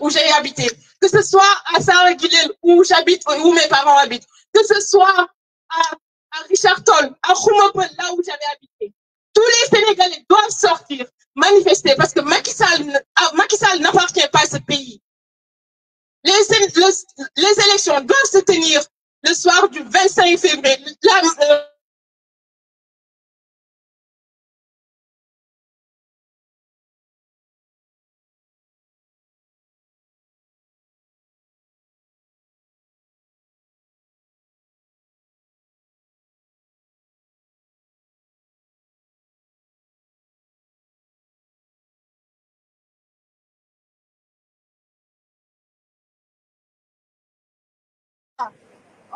où j'ai habité, que ce soit à Saint-Guilhem où j'habite, où mes parents habitent, que ce soit à, à Richardson, à Khoumapoul, là où j'avais habité. Tous les Sénégalais doivent sortir, manifester, parce que Macky Sall, ah, n'appartient pas ce pays. Les, les, les élections doivent se tenir le soir du 25 février. La, euh,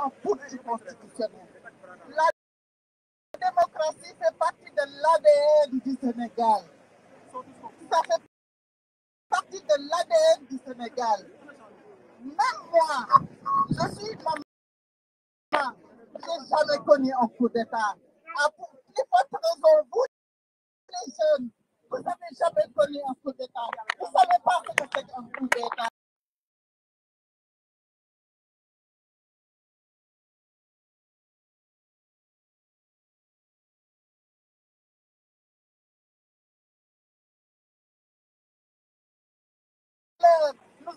en toute circonscriptionnelle. La démocratie fait partie de l'ADN du Sénégal. Ça fait partie de l'ADN du Sénégal. Même moi, je suis maman, j'ai jamais connu un coup d'État. À ah, pour les votre raison, vous, les jeunes, vous n'avez jamais connu un coup d'État. Vous ne savez pas ce que c'est un coup d'État.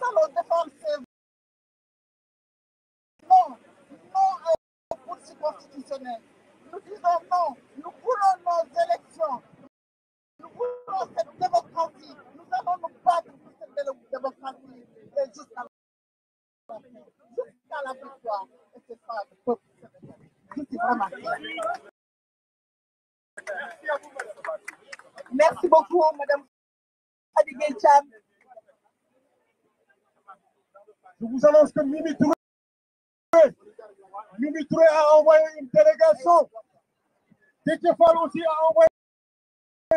falou depois. Não, não ao nos élections, nous voulons cette démocratie, nous allons nous battre pour cette démocratie et jusqu'à la fin, jusqu'à la victoire. Et c'est ça le peuple sénégalais. Je suis vraiment Merci à vous, madame. Merci beaucoup, madame Adigay Cham. Je vous annonce que Mimi Touré, Mimi Touré une délégation. Détefal aussi a envoyé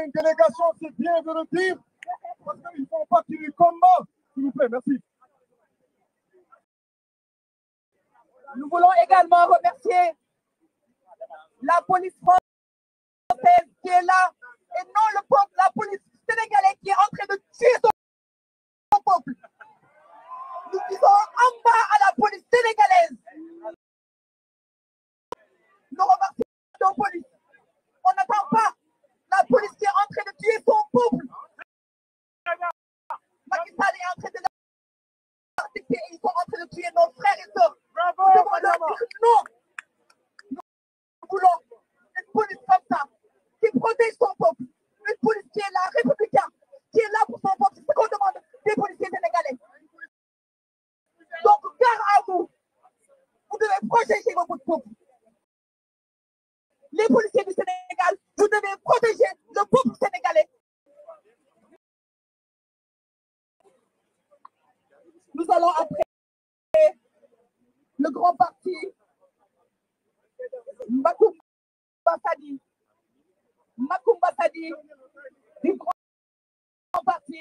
une délégation, c'est bien de le parce qu'ils ne font partie du combat. vous plaît, merci. Nous voulons également remercier la police française qui est là et non le, la police sénégalaise qui est en de tuer les policiers du Sénégal, vous devez protéger le peuple sénégalais. Nous allons après le grand parti Makoumba Sadi. Makoumba Sadi du grand parti.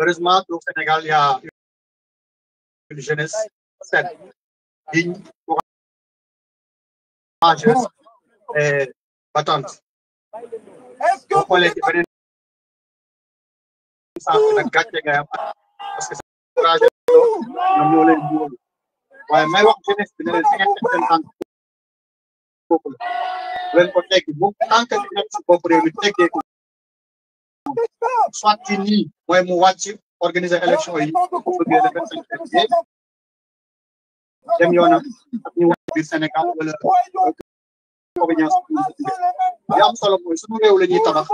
Heureusement qu'au Sénégal, il jeunesse saine, digne, courageuse et battante. boo xoolee ci beneen sànq nag gàcce ngay am parce que courageux ñoom ñoo leen wóolu waaye may wax jeunesse bi ne leen fi ngeen teg seen tànk bopp la leen ko teggi bu tànk bi nekk si bopp réew mi teggee ko soit ci ni mooy mu wàcc organiser élection yi dem yoonam ak ñu wala obédience solo mooy suñu réew la ñuy tabax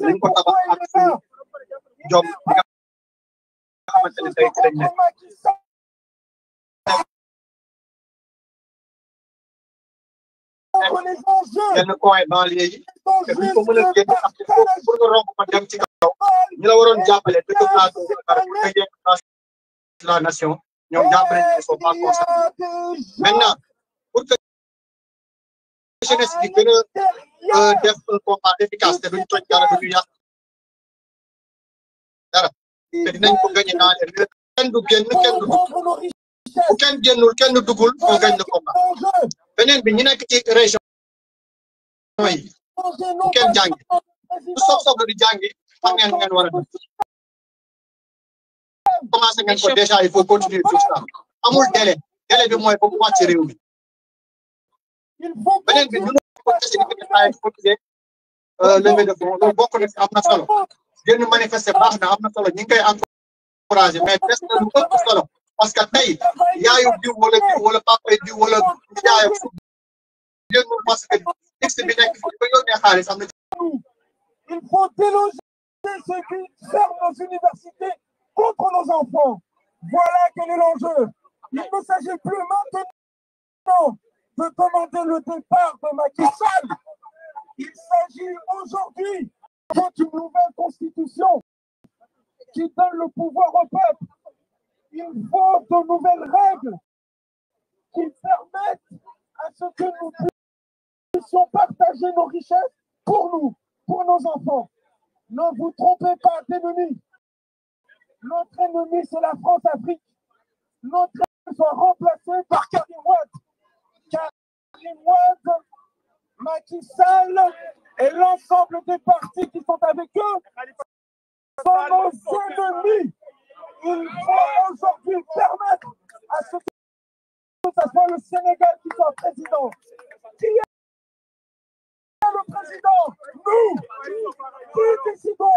dañ ko tabax jom bi nga xamante benn coin banlieue yi te duñ ko mën a génn parce que ci kaw ñu la waroon jàppale na plateau bi par pour nga yegg place pas concernés maintenant pour que jeunesse bi gën a euh, def un combat efficace te duñ toj dara duñu yàq dara ko gagné kenn du génn kenn du kenn génnul ken duggul on gagne le combat beneen bi ñu nekk ci région yi bu kenn jàngi bu sob sob di jàngi xam ngeen ngeen war a def commencé ngeen ko déjà il faut continuer tout ça amul délai délai bi mooy ba mu wàcc réew mi beneen bi ñun ko testé di ko ay cotisé levée de fonds loolu bokk na si am na solo génn manifester na am na solo ñu ngi koy encouragé mais des solo parce que tey yaayu diw wala nos universités contre nos enfants voilà quel est l'enjeu il ne s'agit plus maintenant de demander le départ de Macky Sall il s'agit aujourd'hui d'une nouvelle constitution qui donne le pouvoir au peuple une vente aux nouvelles règles qui permettent à ce que nous puissions partager nos richesses pour nous, pour nos enfants. Ne vous trompez pas d'ennemi. Notre ennemi, c'est la France-Afrique. Notre ennemi soit remplacé par Karim Wad. et l'ensemble des partis qui sont avec eux sont nos ennemis. Il faut aujourd'hui permettre à ce que ce soit le Sénégal qui soit président. Qui est le président Nous Qui décidons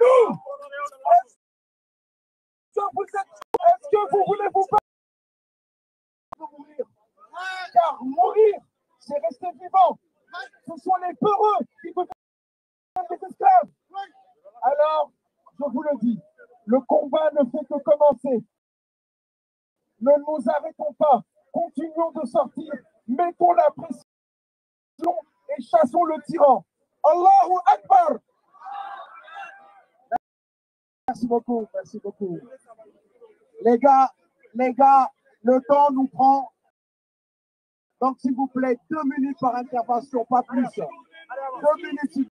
Nous Est-ce que vous êtes Est-ce que vous voulez vous battre mourir Car mourir, c'est rester vivant. Ce sont les peureux qui vous des esclaves. Alors, je vous le dis, Le combat ne fait que commencer. Ne nous arrêtons pas. Continuons de sortir. Mettons la pression et chassons le tyran. Allahu Akbar. Merci beaucoup, merci beaucoup. Les gars, les gars, le temps nous prend. Donc, s'il vous plaît, deux minutes par intervention, pas plus. Deux minutes.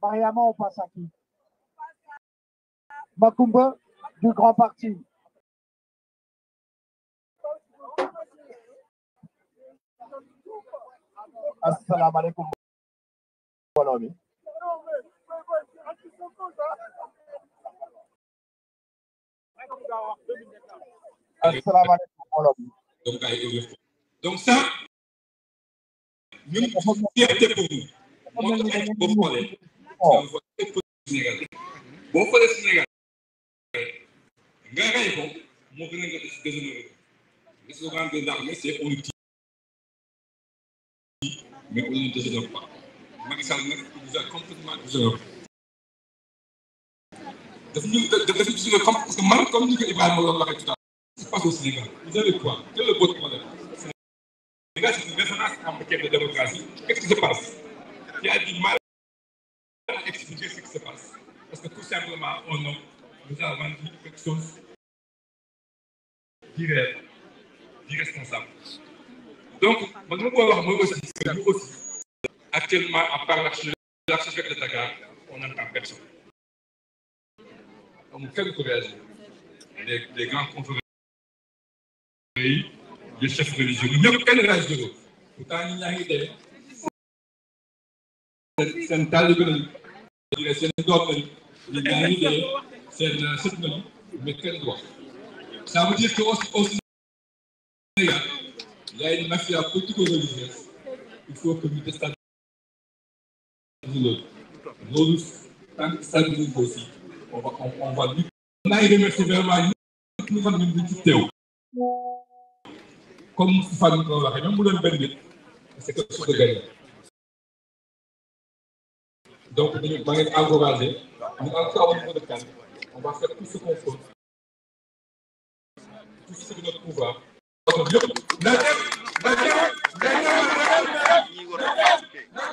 Mariama, on passe à qui Makumba du grand parti. asalaamaaleykum mbooloo mi asalaamaaleykum mbooloo mi donc ay donc ça ñun fierté pour nous moo tax boo xoolee boo xoolee Sénégal nga rey ko moo gën a nga def déshonoré ko le slogan des armées c'est on tue mais on ne déshonore pas Macky Sall nag il nous a complètement déshonoré daf ñu daf ñu déshonoré comme parce que man comme ni ko Ibrahima doon waxee tout à l'heure c'est pas au Sénégal vous avez quoi quel est votre problème Sénégal c'est une référence en matière de démocratie qu'est-ce qui se passe il y a du mal à expliquer ce qui se passe parce que tout simplement on a nous a vendu quelque chose vie réelle vie responsable donc man ma ko wax aussi actuellement à part l'archevêque de Dakar on n'entend personne amul kenn ku réagir grands conférenciers yi les chefs religieux ñun ñëpp kenn réagir pourtant ñun ñaa ngi dee seen taalibe lañu seen doom Ça veut dire qu'au Sénégal, il y a une mafia politico-religieuse. Il faut que nous déstabilisions l'autre. L'autre, tant que ça nous aussi, on va, on, on va lui. On a remercié vraiment nous xam ne ñu ci teew comme su fan ko waxee même mu doon benn nit c'est que su ko gagné donc dañu maa ngi encouragé ñu am ko amoon niveau de calme on va faire tout ce qu'on peut tout ce qui est de notre pouvoir. donc lépp na dem na dem na dem na dem na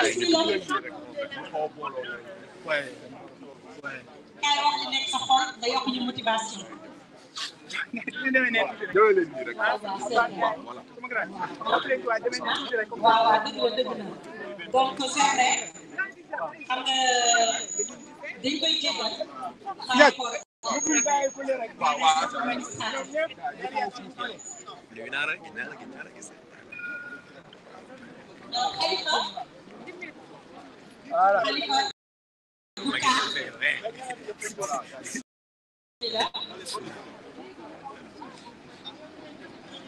dem na dem. waaye waaye. yaa ngi wax li nekk sa xol nga yokk ñu motivation. ñu demee ne demee leen nii rek voilà waaw waaw dëgg la dëgg la donc c'est vrai xam nga dañ koy jégal par rapport Khalifa Khalifa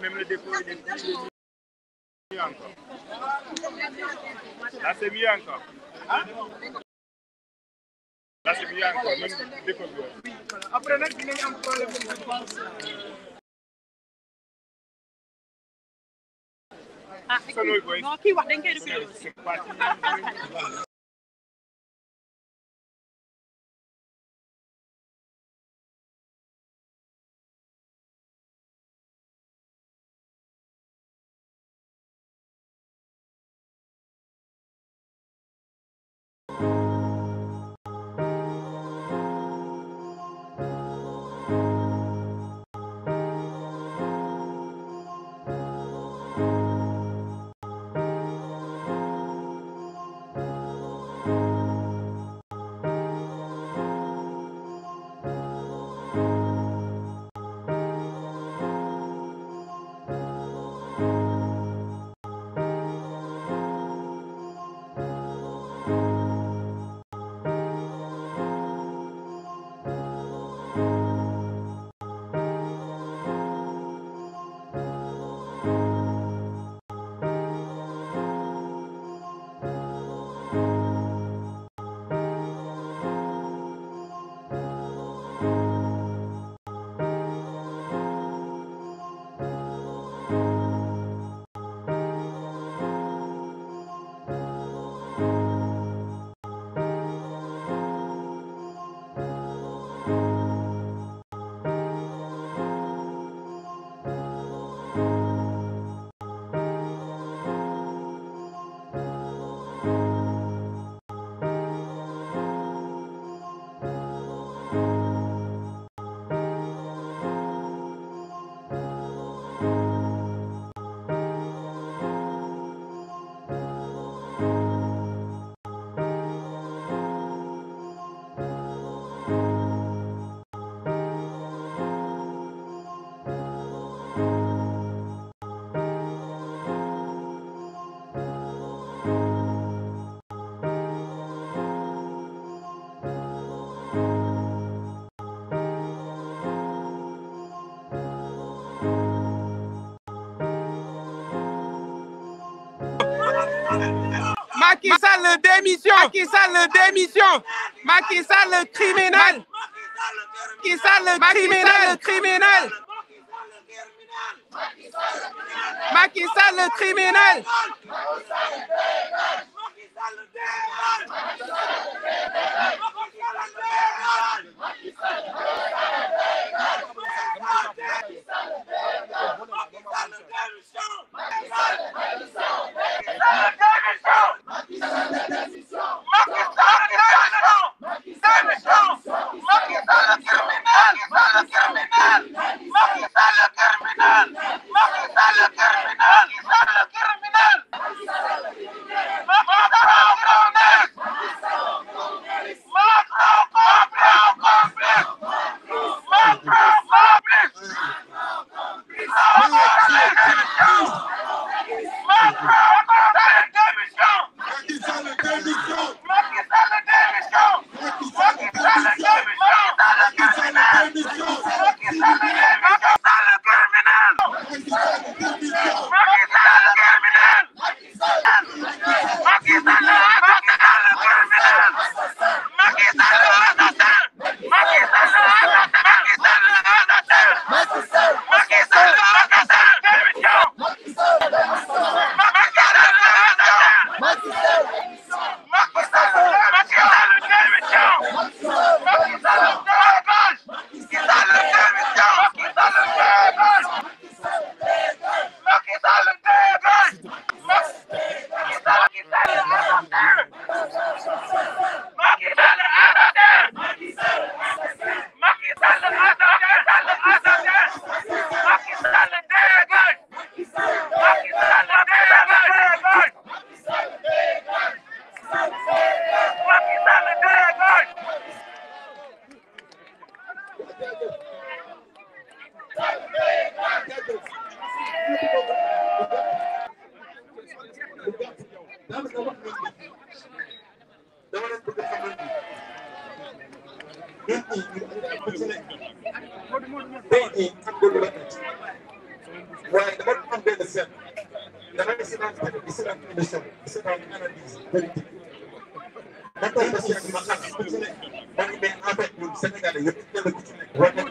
même le dépôt il est mieux encore. Là, c'est mieux encore. Là, c'est mieux encore, Après, nag dinañ am problème je pense. ah, ah Macky Sall démission Macky démission Macky Sall criminel Macky criminel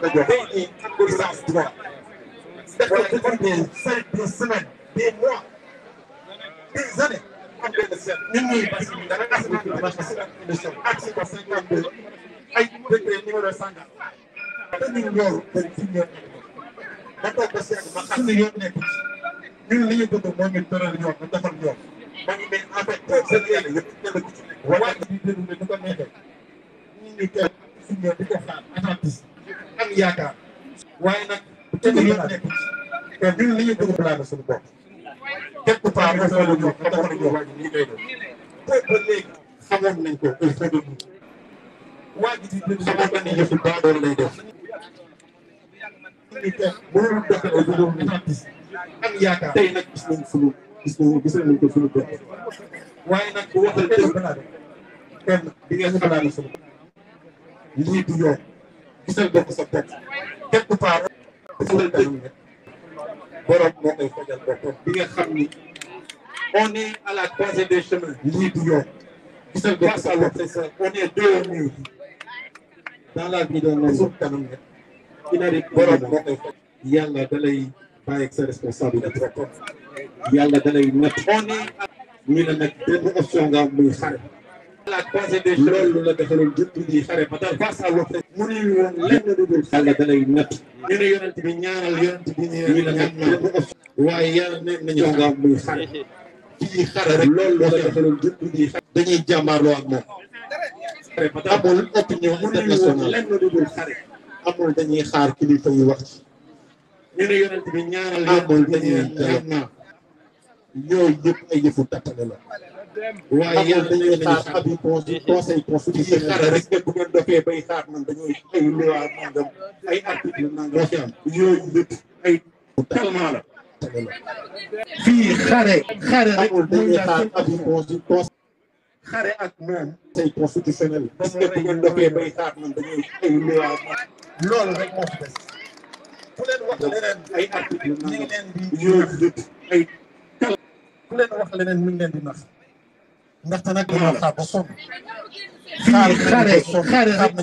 rajo day di licence droit def ko depuis des cinq des semaines des mois des années am benn seet ñun ñuy parce que dara as nañu ko parce que article cinquante deux ay décret numéro sangam dañuy ñor dañ fi ñor ba toog ba seet ba xam ne yoon nekk ci ñun li ñu bëgg moo ñu tëral yoon ba defal yoon ba ñu mais en fait seen yàlla yëpp kenn ku ci wala di déglu ne du ko neexee ñu ñu teel suñu di ko xaar attentis am yaakaar waaye nag kenn du la nekk te ñun li ñu dugg plané suñu bopp quelque part dafa la ñu xam dafa la ñu waa ji nii lay doon te ba léegi xamoon nañ ko il faut que waa ji di dund xamoon nañ ne yëfu baadool lay def ñu te mënul doxe ay juróom ñetti am yaakaar tey nag gis nañ suñu gis nañ gis nañ ko suñu bopp waaye nag bu waxal dëgg kenn di ngeen xalaat suñu lii du yoon gisal bokk sa bopp quelque part fulal dañu ne borom moo koy fajal boppam bi nga xam ni on est la croisée des chemins lii du yoon gisal bokk sa bopp c'est ça on est la vie d'un homme suuf kanam ne ina rek borom moo faj yàlla da lay bàyyi ak sa responsabilité boppam yàlla da lay natt on est ñu option nga muy xare la croisée des chemins loolu la defaloon jënd bi xare ba daal face à l'autre woon lenn lu dul yàlla da lay natt ñu ne yonent bi ñaanal yonent bi ñu ne ñaan na waaye yàlla loolu la defaloon jënd bi xare dañuy jàmbaarloo woon lenn lu dul xare amul dañuy xaar kilifa yi wax ci ñu ne yonent dañuy ñaan na yooyu yëpp ay yëfu tappale la waaye yàlla dañoo xaar abi conseil constitutionnel rek ne bu ngeen dofee bay xaar nan dañooy ay loi nangam ay article nangam fi am yooyu lépp ay tellement la fii xare xare rek dañuy xaar abi conseil xare ak moom conseil constitutionnel parce que bu ngeen dofee bay xaar nan dañooy ay loi loolu rek moo fi des ku leen wax leneen ay article nangam yooyu lépp ay ku leen wax leneen mi ngi leen di nax ndaxte nag dañoo xaar ba sonn. xaar xaar xaar